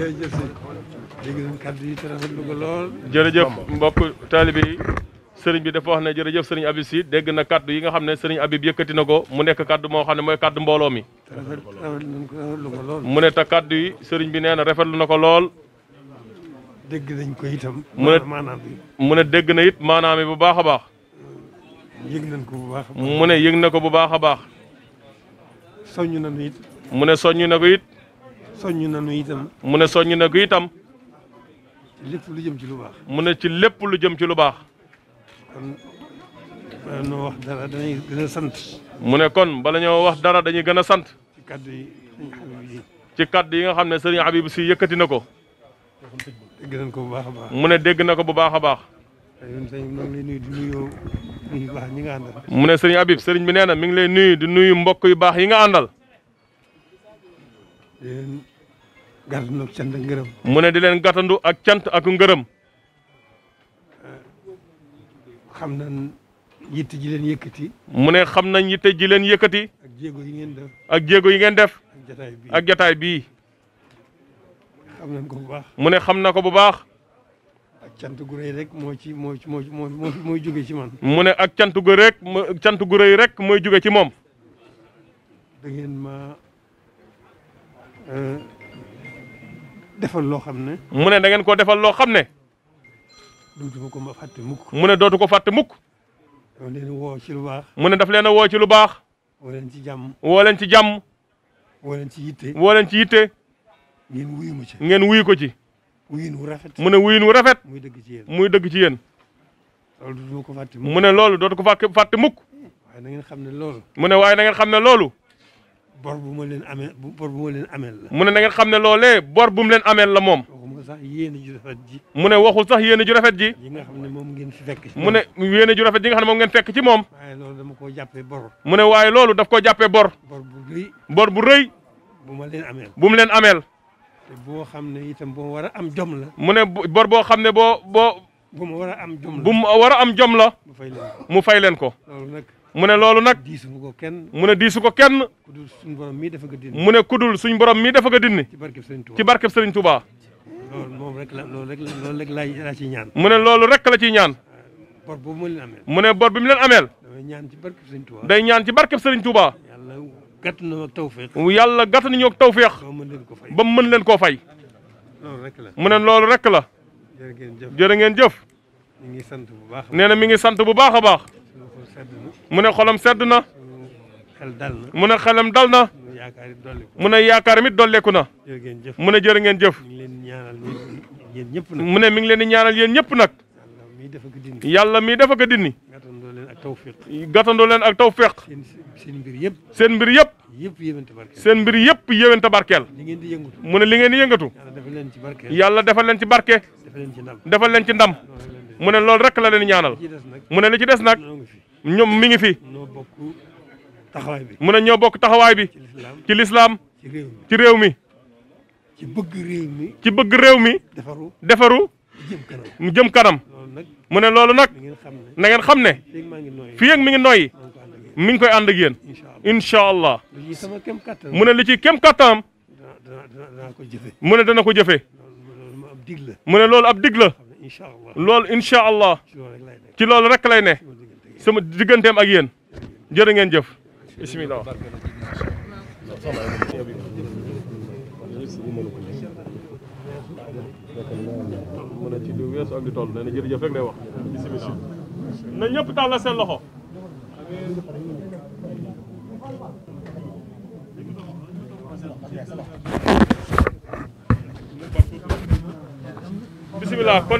jërëjëf sëñ dégg nañ kàddu yi te rafetlu ko lool. jërëjëf mbokk taalibe yi sëriñ bi dafa wax ne jërëjëf sëriñ Abib si dégg na kàddu yi nga xam ne sëriñ Abib yëkkati na ko mu nekk kàddu moo xam ne mooy kàddu mbooloo mi. mu ne te kàddu yi sëriñ bi nee na rafetlu na ko lool. dégg nañ ko itam. mu ne maanaam mu ne dégg na it maanaam bu baax a baax. yëg nañ ko bu baax a baax mu ne yëg na ko bu baax a baax. soññ nañu it. mu ne soññ na ko it. soññ na nu itam. mu ne soññ na ko itam. ci lépp lu jëm ci lu baax. mu ne ci lépp lu jëm ci lu baax. kon bala ñoo wax dara dañuy gën sant. mu ne kon bala ñoo wax dara dañuy gën a sant. ci kaddu yi ci kaddu yi nga xam ne sëriñ Habib si yëkkati na ko. dégg ko bu baax baax. mu ne dégg na ko bu baax a baax. mu ne sëriñ Habib sëriñ bi nee na mi ngi lay nuyu di nuyu mbokk yu baax yi nga àndal. gàttandu ak cant ak ngërëm. mu ne di leen gàttandu ak cant ak ngërëm. Eh, xam nañ yitte ji leen mu ne xam nañ yitte ji leen yëkkati. ak jéego yi ngeen def. ak jéego yi ngeen def. ak jataay bii ak jataay bii. xam nañ ko bu baax. mu ne xam na ko bu baax. ak cant gu rëy rek ci moo ci moo moo jóge ci man. mu ne ak cant gu rek rek mooy jóge ci moom. defal loo xam ne. mu ne da ngeen ko defal loo xam ne. dootu ko ma fàtte mukk. mu ne dootu ko fàtte mukk. dama leen woo ci lu baax. mu daf leen a woo ci lu baax. woo leen ci jàmm. woo leen ci jàmm. woo leen ci yitte. woo leen ci yitte. ngeen wuyu ma ci. ngeen wuyu ko ci. wuyin wu rafet. mu ne wuyin wu rafet. muy dëgg ci yéen muy dëgg ci yéen. loolu dootu ko fàtte mukk. mu ne loolu dootu ko fàtte mukk. waaye na ngeen xam ne loolu. mu ne waaye na xam ne loolu. bor bu ma leen amee bu ma leen ameel mu ne na xam ne loolee bor bu mu leen ameel la moom. waxuma sax yéene ju ji. mu ne waxul sax yéene ju rafet ji. yi nga xam ne moom ngeen fi fekk. mu ne yéene ju rafet ji nga xam ne moom ngeen fekk ci moom. waaye dama koo jàppee bor. mu ne waaye loolu daf ko jàppee bor. bor bu rëy. bor bu rëy. bu ma leen ameel. bu mu leen ameel. boo xam ne itam boo war a am jom mu ne bor boo xam ne boo boo. bu mu war a am jom war a am jom la. mu fay leen ko mu ne loolu nag diisu ko kenn mu ne diisu ko kenn ku mii dafa ko dindi mu ne ku dul suñ borom mi dafa ko dindi ci barkeb Sëriñ Tuubaa ci barkeb Sëriñ Tuubaa loolu rek la loolu rek loolu rek laa ñaan mu ne loolu rek la ciy ñaan euh, bor boobu mu leen mu ne bor bi mu leen ameel day ñaan ci barkeb Sëriñ Tuubaa day ñaan ci barkeb Sëriñ Tuubaa yàlla gàtt nañu ak tawfeex yàlla gàtt nañu ak tawfeex ba mu mën leen koo fay loolu rek la mu ne loolu rek la jërë ngeen jëf jërë ngeen jëf mi ngi sant bu baax nee na mi ngi sant bu baax a baax mune ne sedd na. xel dal na mu ne xelam dal na. mu ne yaakaar mit dolleeku na. mu ne jërë ngeen jëf. mu ne mi ngi leen di ñaanal yéen ñëpp nag. yàlla mii dafa ko dindi. gàttandoo leen ak tawféq. gàttandoo leen ak tawféq. seen mbir yëpp. seen mbir yëpp. seen mbir yëpp yéwén tabarkeel. mu ne li ngeen di yëngatu. yàlla dafa leen ci barke. dafa leen ci ndam. mu ne loolu rek la leen ñaanal. mu ne li ci des nag. ñoom mi ngi fi. ñoo bokk taxawaay bi. mu ne ñoo bokk taxawaay bi. ci lislaam ci réew mi ci bëgg réew mi. ci bëgg réew mi. defaru defaru. mu jëm kanam. mu ne loolu nag. na ngeen xam ne. fii ak mi ngi nooyi. mi ngi koy ànd ak yéen. incha allah mu ne li ci kem kattanam. mu ne dana ko jëfe mu ne loolu ab dig la. loolu incha allah. ci loolu rek lay ne. sama digganteem ak yéen jërë ngeen jëf bisimilah. mën na ci lu weesu ñëpp tàllal seen loxo. bisimilah